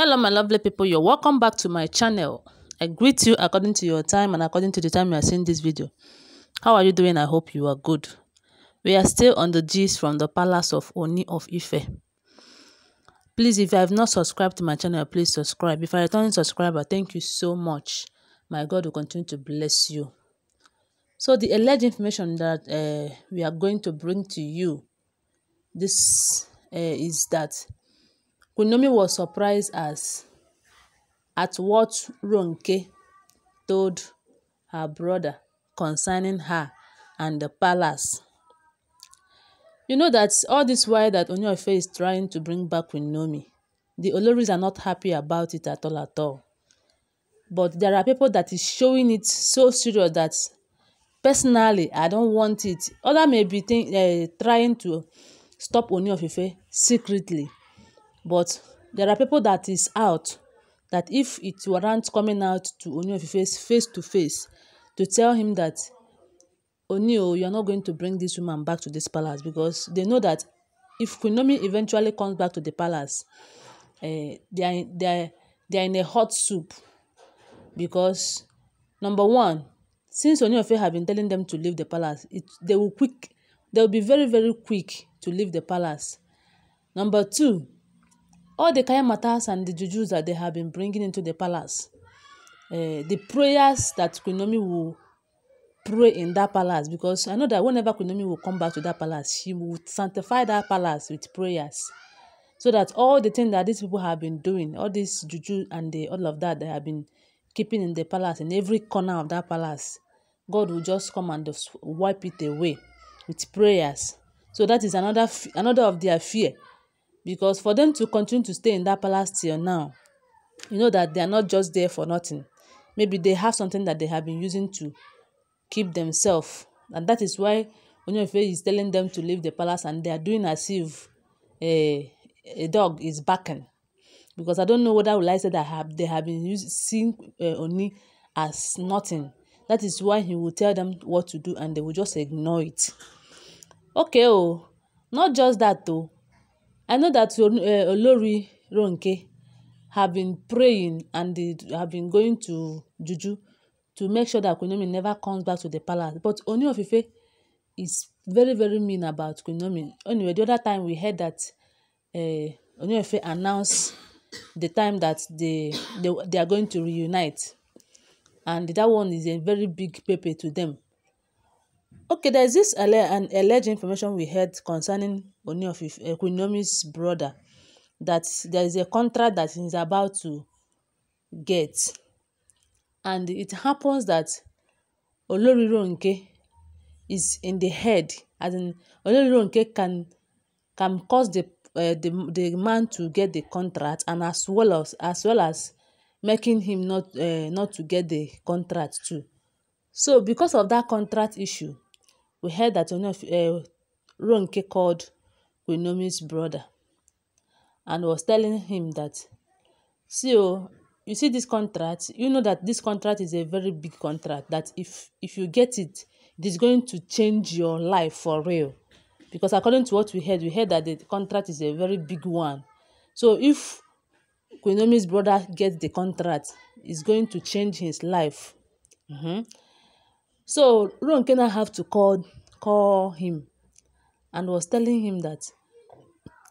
hello my lovely people you're welcome back to my channel i greet you according to your time and according to the time you are seeing this video how are you doing i hope you are good we are still on the gist from the palace of oni of ife please if you have not subscribed to my channel please subscribe if you are a returning subscriber thank you so much my god will continue to bless you so the alleged information that uh, we are going to bring to you this uh, is that Kunomi was surprised as at what Ronke told her brother concerning her and the palace. You know that all this while that Onyofe is trying to bring back Kunomi, the Oloris are not happy about it at all at all. But there are people that is showing it so serious that personally, I don't want it. Other may be think, uh, trying to stop Onyofe secretly but there are people that is out that if it were not coming out to Oni face face to face to tell him that Oni, you're not going to bring this woman back to this palace because they know that if Kunomi eventually comes back to the palace, uh, they are they are, they are in a hot soup because number one, since Oni Ofe have been telling them to leave the palace, it they will quick they will be very very quick to leave the palace. Number two, all the kind matters and the jujus that they have been bringing into the palace, uh, the prayers that Kunomi will pray in that palace, because I know that whenever Kunomi will come back to that palace, she will sanctify that palace with prayers. So that all the things that these people have been doing, all this juju and the, all of that they have been keeping in the palace, in every corner of that palace, God will just come and wipe it away with prayers. So that is another another of their fear because for them to continue to stay in that palace till now, you know that they are not just there for nothing. Maybe they have something that they have been using to keep themselves. And that is why Onyefe is telling them to leave the palace and they are doing as if a, eh, a dog is barking. Because I don't know whether will I say that have, they have been using, seeing uh, Oni as nothing. That is why he will tell them what to do and they will just ignore it. Okay, oh, not just that though. I know that uh, eh, Olori Ronke have been praying and have been going to Juju to make sure that Queen never comes back to the palace. But Oni of is very, very mean about Queen Anyway, the other time we heard that uh, eh, Oni of Ife announced the time that they, they they are going to reunite. And that one is a very big paper to them. Okay, there is this alleged, an alleged information we heard concerning Oni of Ife, uh, brother, that there is a contract that he's about to get. And it happens that Olori is in the head, as in Olori can can cause the uh, the the man to get the contract, and as well as as well as making him not uh, not to get the contract too. So because of that contract issue, we heard that Oni of uh, Ronke called Quinomi's brother and was telling him that, see, oh, you see this contract, you know that this contract is a very big contract, that if, if you get it, it is going to change your life for real. Because according to what we heard, we heard that the contract is a very big one. So if Quinomi's brother gets the contract, it's going to change his life. Mm -hmm. So Ron Kena have to call call him and was telling him that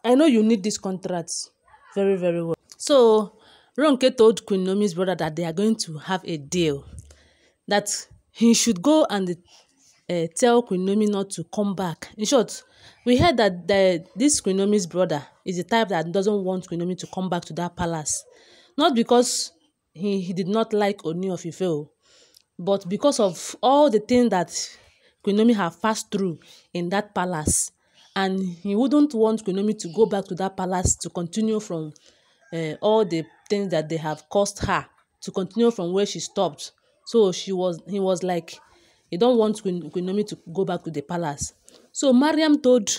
I know you need this contract very, very well. So Ronke told Queen brother that they are going to have a deal, that he should go and uh, tell Queen not to come back. In short, we heard that the, this Queen brother is the type that doesn't want Queen to come back to that palace. Not because he, he did not like Oni of Ife, oh, but because of all the things that Queen Naomi have passed through in that palace. and he wouldn't want Koinomi to go back to that palace to continue from uh, all the things that they have caused her to continue from where she stopped. So she was he was like he don't want Queen to go back to the palace. So Mariam told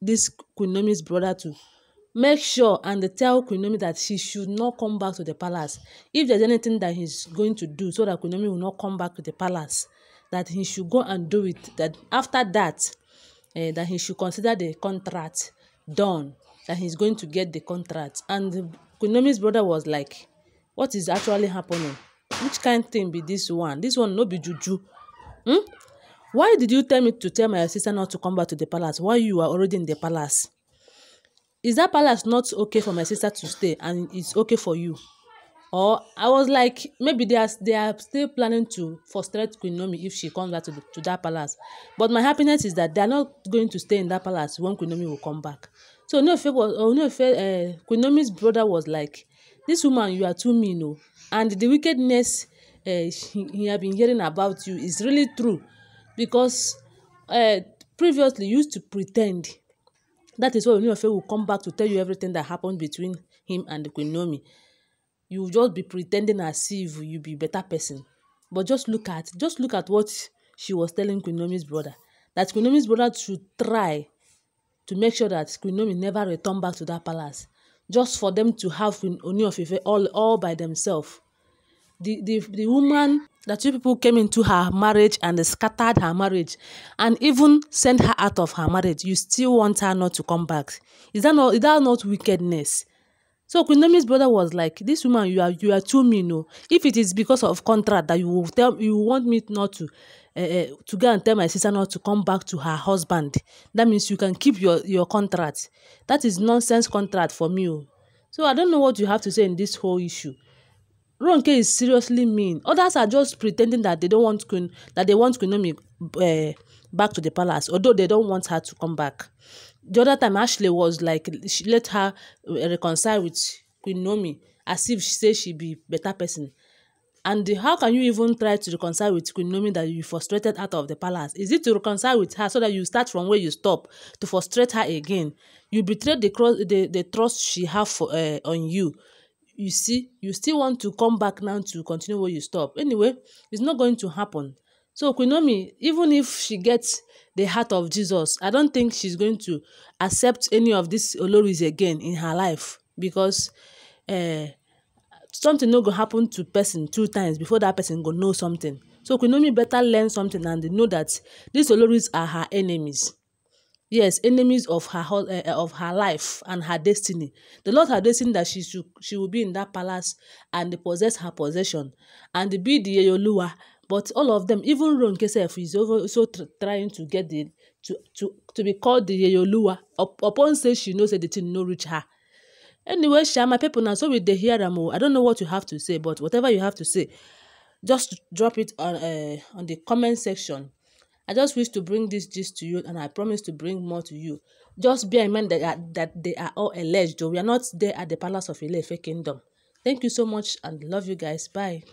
this Queen brother to make sure and tell Queen that she should not come back to the palace. If there's anything that he's going to do so that Queen will not come back to the palace, that he should go and do it. That after that, uh, that he should consider the contract done, that he's going to get the contract. And Kunomi's brother was like, What is actually happening? Which kind of thing be this one? This one no be juju. Hmm? Why did you tell me to tell my sister not to come back to the palace? Why you are already in the palace? Is that palace not okay for my sister to stay and it's okay for you? or i was like maybe they are they are still planning to frustrate queen naomi if she comes back to, the, to that palace but my happiness is that they are not going to stay in that palace when queen naomi will come back so onofe was onofe oh, uh, eh, queen naomi's brother was like this woman you are too mean o oh. and the wickedness uh, eh, he, he had been hearing about you is really true because uh, previously you used to pretend that is why onofe will come back to tell you everything that happened between him and queen naomi you just be pretending as if you be better person but just look at just look at what she was telling Queen brother that Queen brother should try to make sure that Queen never return back to that palace just for them to have Queen Oni of Ife all all by themselves. The, the the woman that two people came into her marriage and scattered her marriage and even sent her out of her marriage you still want her not to come back is that not is that not wickedness so queen naomi's brother was like this woman you are you are too mean o oh. if it is because of contract that you will tell you want me not to uh, to go and tell my sister not to come back to her husband that means you can keep your your contract that is nonsense contract for me o oh. so i don't know what you have to say in this whole issue ronke is seriously mean others are just pretending that they don't want queen that they want queen naomi uh, back to the palace although they don't want her to come back the other time ashley was like she let her uh, reconcile with queen Nomi as if she say she be better person and the, how can you even try to reconcile with queen Nomi that you frustrated out of the palace is it to reconcile with her so that you start from where you stop to frustrate her again you betrayed the cross the the trust she have for uh, on you you see you still want to come back now to continue where you stop anyway it's not going to happen So Quinomi, even if she gets the heart of Jesus, I don't think she's going to accept any of these Oloris again in her life because uh, something no go happen to person two times before that person go know something. So Quinomi better learn something and know that these Oloris are her enemies. Yes, enemies of her uh, of her life and her destiny. The Lord had destined that she should she will be in that palace and possess her possession and be the Yeyoluwa But all of them, even Ronke self, is also trying to get the to to to be called the Yeyoluwa. upon say she knows that the thing no reach her. Anyway, Sha, my people now, so with the hear them. Oh, I don't know what you have to say, but whatever you have to say, just drop it on uh, on the comment section. I just wish to bring this gist to you, and I promise to bring more to you. Just bear in mind that, uh, that they are all alleged, though we are not there at the palace of Ilefe Kingdom. Thank you so much and love you guys. Bye.